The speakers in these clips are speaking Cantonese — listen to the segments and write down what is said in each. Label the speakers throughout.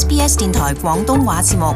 Speaker 1: SBS 電台廣東話節目，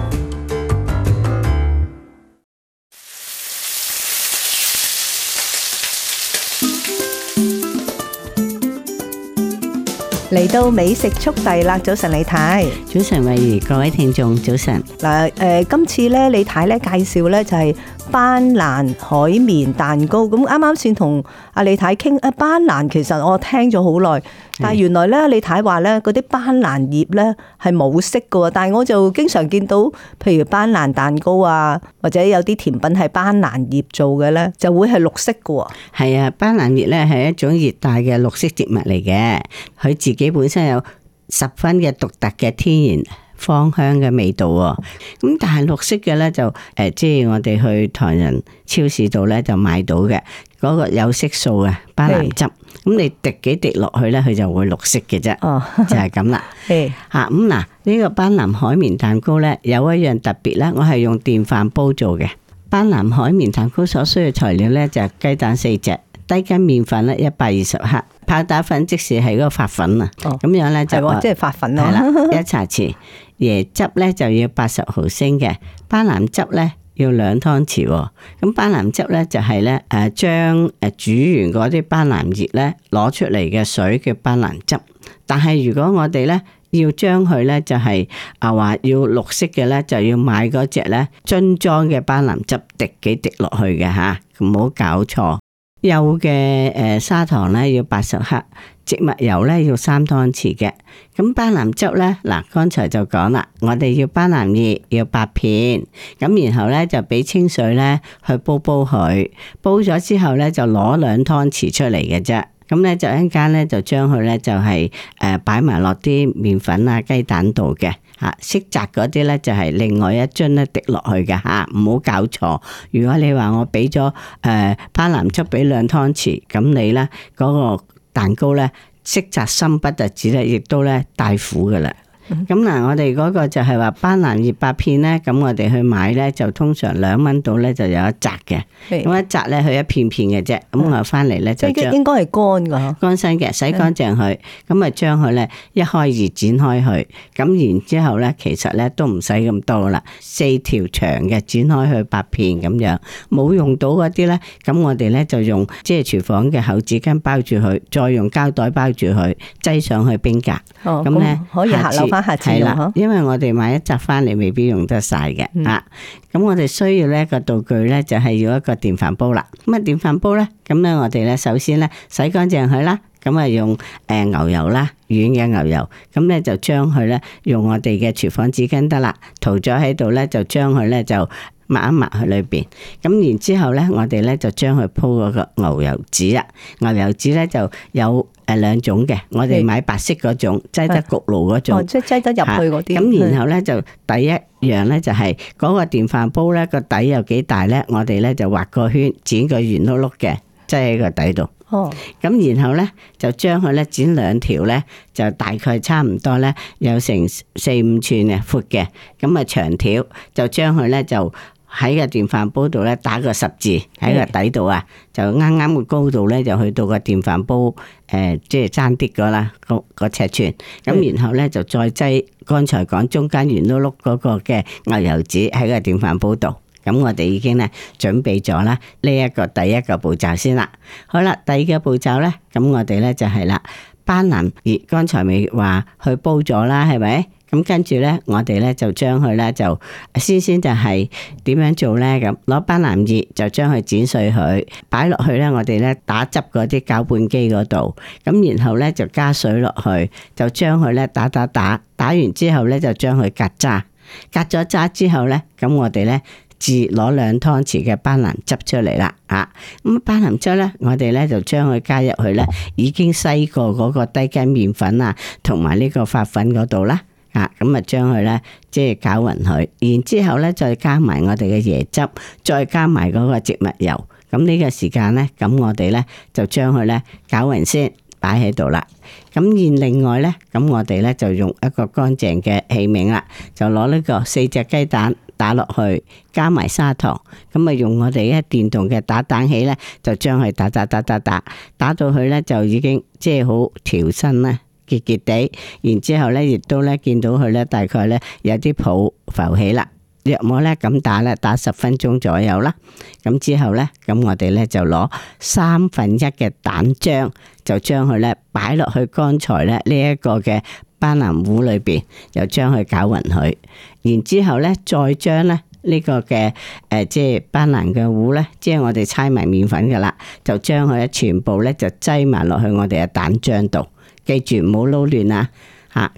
Speaker 1: 嚟到美食速遞啦！早晨李太，早晨惠儀，各位聽眾，早晨嗱，誒，今次咧李太咧介紹咧就係斑蘭海綿蛋糕，咁啱啱先同阿李太傾，誒，斑蘭其實我聽咗好耐。但係原來咧，你太話咧，嗰啲斑蘭葉咧係冇色嘅。但係我就經常見到，譬如斑蘭蛋糕啊，或者有啲甜品係斑蘭葉做嘅咧，就會係綠色嘅。係啊，斑蘭葉咧係一種熱帶嘅綠色植物嚟嘅，佢自己本身有十分嘅獨特嘅天然芳香嘅味道喎。咁但係綠色嘅咧就誒，即係我哋去唐人超市度咧就買到嘅嗰個有色素啊，斑蘭汁，咁你滴幾滴落去咧，佢就會綠色嘅啫。哦、就係咁啦。係是啊，呢、這個班蘭海綿蛋糕呢，有一樣特別啦，我係用電飯煲做嘅。班蘭海綿蛋糕所需嘅材料呢，就係、是、雞蛋四隻、低筋麵粉一百二十克、泡打粉即係是係嗰個發粉啊。哦，咁樣咧的就係即係發粉咯。係一茶匙，椰汁咧就要八十毫升嘅班蘭汁呢。要兩湯匙喎，咁斑蘭汁咧就係咧，誒將誒煮完嗰啲斑蘭葉咧攞出嚟嘅水嘅斑蘭汁。但係如果我哋咧要將佢咧就係啊，話要綠色嘅咧，就要買嗰隻咧樽裝嘅斑蘭汁，滴幾滴落去嘅吓，唔好搞錯。幼嘅誒砂糖咧要八十克。植物油咧要三湯匙嘅，咁班蘭汁咧嗱，剛才就講啦，我哋要班蘭葉要八片，咁然後咧就俾清水咧去煲煲佢，煲咗之後咧就攞兩湯匙出嚟嘅啫，咁咧就一陣間咧就將佢咧就係誒擺埋落啲麵粉啊雞蛋度嘅吓，色澤嗰啲咧就係另外一樽咧滴落去嘅吓，唔好搞錯。如果你話我俾咗誒班蘭汁俾兩湯匙，咁你咧嗰個。蛋糕咧，色澤深不特止咧，亦都咧帶苦嘅啦。咁嗱，嗯、我哋嗰個就係話斑蘭葉八片咧，咁我哋去買咧就通常兩蚊到咧就有一紮嘅，咁、嗯、一紮咧佢一片片嘅啫，咁、嗯、我翻嚟，咧就將應該係乾噶嗬，乾身嘅，洗乾淨佢，咁啊將佢咧一開二剪開去，咁然後之後咧其實咧都唔使咁多啦，四條長嘅剪開去八片咁樣，冇用到嗰啲咧，咁我哋咧就用即係廚房嘅厚紙巾包住佢，再用膠袋包住佢，擠上去冰格，咁咧、哦、可以係啦，因為我哋買一扎翻嚟，未必用得晒嘅，嗯、啊，咁我哋需要呢個道具呢，就係要一個電飯煲啦。咁啊，電飯煲呢，咁呢我哋呢，首先呢，洗乾淨佢啦，咁啊用誒牛油啦，軟嘅牛油，咁呢，就將佢呢，用我哋嘅廚房紙巾得啦，塗咗喺度呢，就將佢呢，就抹一抹去裏邊。咁然之後呢，我哋呢，就將佢鋪嗰個牛油紙啊，牛油紙呢，就有。誒，兩種嘅，我哋買白色嗰種，擠是得焗爐嗰種，哦，即係擠得入去嗰啲。咁是然後咧就第一樣咧就係、是、嗰個電飯煲咧個底有幾大咧，我哋咧就畫個圈，剪個圓碌碌嘅，擠喺個底度。哦，咁然後咧就將佢咧剪兩條咧，就大概差唔多咧有成四五寸嘅闊嘅，咁啊長條就將佢咧就。喺個電飯煲度咧，打個十字喺個是底度啊，就啱啱嘅高度咧，就去到個電飯煲誒，即係爭啲個啦，個個尺寸。咁是然後咧就再擠剛才講中間圓碌碌嗰個嘅牛油紙喺個電飯煲度。咁是我哋已經係準備咗啦，呢一個第一個步驟先啦。好啦，第二個步驟咧，咁我哋咧就係啦，班蘭，而剛才咪話去煲咗啦，係咪？咁跟住咧，我哋咧就將佢咧就先先就係、是、點樣做咧？咁攞班蘭葉就將佢剪碎佢，擺落去咧。我哋咧打汁嗰啲攪拌機嗰度，咁然後咧就加水落去，就將佢咧打打打，打完之後咧就將佢隔渣，隔咗渣之後咧，咁我哋咧自攞兩湯匙嘅班蘭汁出嚟啦。吓、啊，咁、嗯、班蘭汁咧，我哋咧就將佢加入去咧已經篩過嗰個低筋麵粉啊，同埋呢個發粉嗰度啦。咁啊，將佢咧即係攪匀佢，然之後咧再加埋我哋嘅椰汁，再加埋嗰個植物油。咁呢個時間咧，咁我哋咧就將佢咧攪匀先，擺喺度啦。咁然另外咧，咁我哋咧就用一個乾淨嘅器皿啦，就攞呢個四隻雞蛋打落去，加埋砂糖。咁啊，用我哋一電動嘅打蛋器咧，就將佢打打打打打，打到佢咧就已經即係好調身啦。結結地，然之後咧，亦都咧見到佢咧，大概咧有啲泡浮起啦。若果咧咁打咧，打十分鐘左右啦。咁之後咧，咁我哋咧就攞三分一嘅蛋漿，就將佢咧擺落去剛才咧呢一個嘅斑蘭糊裏邊，又將佢攪勻佢。然之後咧，再將咧呢個嘅誒，即係斑蘭嘅糊咧，即係我哋猜埋麪粉噶啦，就將佢咧全部咧就擠埋落去我哋嘅蛋漿度。記住唔好撈亂啊！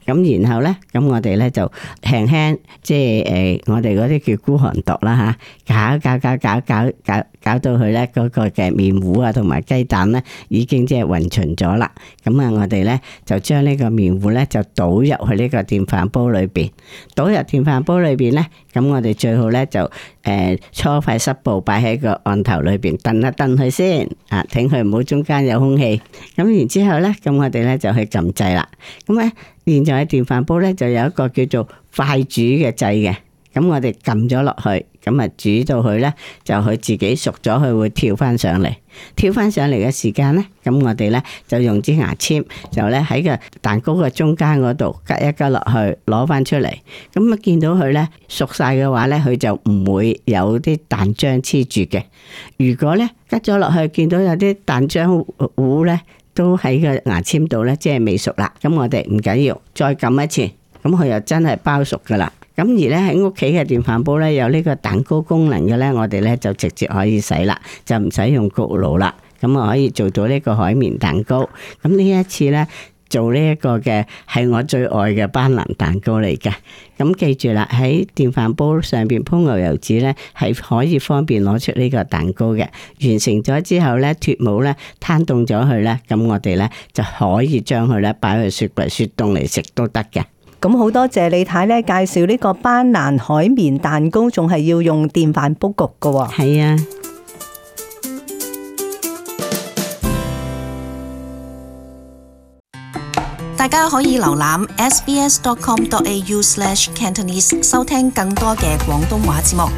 Speaker 1: 咁然後呢，咁我哋咧就輕輕，即係誒，我哋嗰啲叫孤寒毒啦吓、啊，搞搞搞搞搞搞。搞搞搞搞到佢咧嗰個嘅麵糊啊，同埋雞蛋咧，已經即係混匀咗啦。咁啊，我哋咧就將呢個麵糊咧就倒入去呢個電飯煲裏邊，倒入電飯煲裏邊咧，咁我哋最好咧就誒，搓塊濕布擺喺個案頭裏邊，掟一掟佢先啊，挺佢唔好中間有空氣。咁然之後咧，咁我哋咧就去撳掣啦。咁咧，現在電飯煲咧就有一個叫做快煮嘅掣嘅。咁我哋撳咗落去，咁啊煮到佢呢，就佢自己熟咗，佢會跳翻上嚟。跳翻上嚟嘅時間呢，咁我哋呢，就用支牙籤，就呢喺個蛋糕嘅中間嗰度，吉一吉落去，攞翻出嚟。咁啊見到佢呢，熟晒嘅話呢，佢就唔會有啲蛋漿黐住嘅。如果呢，吉咗落去，見到有啲蛋漿糊呢，都喺個牙簽度呢，即係未熟啦。咁我哋唔緊要，再撳一次，咁佢又真係包熟噶啦。咁而咧喺屋企嘅電飯煲咧有呢個蛋糕功能嘅咧，我哋咧就直接可以使啦，就唔使用焗爐啦。咁啊可以做到呢個海綿蛋糕。咁呢一次咧做呢一個嘅係我最愛嘅班蘭蛋糕嚟嘅。咁記住啦，喺電飯煲上邊鋪牛油紙咧，係可以方便攞出呢個蛋糕嘅。完成咗之後咧，脫模咧，攤凍咗佢咧，咁我哋咧就可以將佢咧擺去雪櫃雪凍嚟食都得嘅。咁好多謝李太咧介紹呢個斑蘭海綿蛋糕，仲係要用電飯煲焗㗎。係啊，大家可以瀏覽 SBS.com.au/cantonese 收聽更多嘅廣東話節目。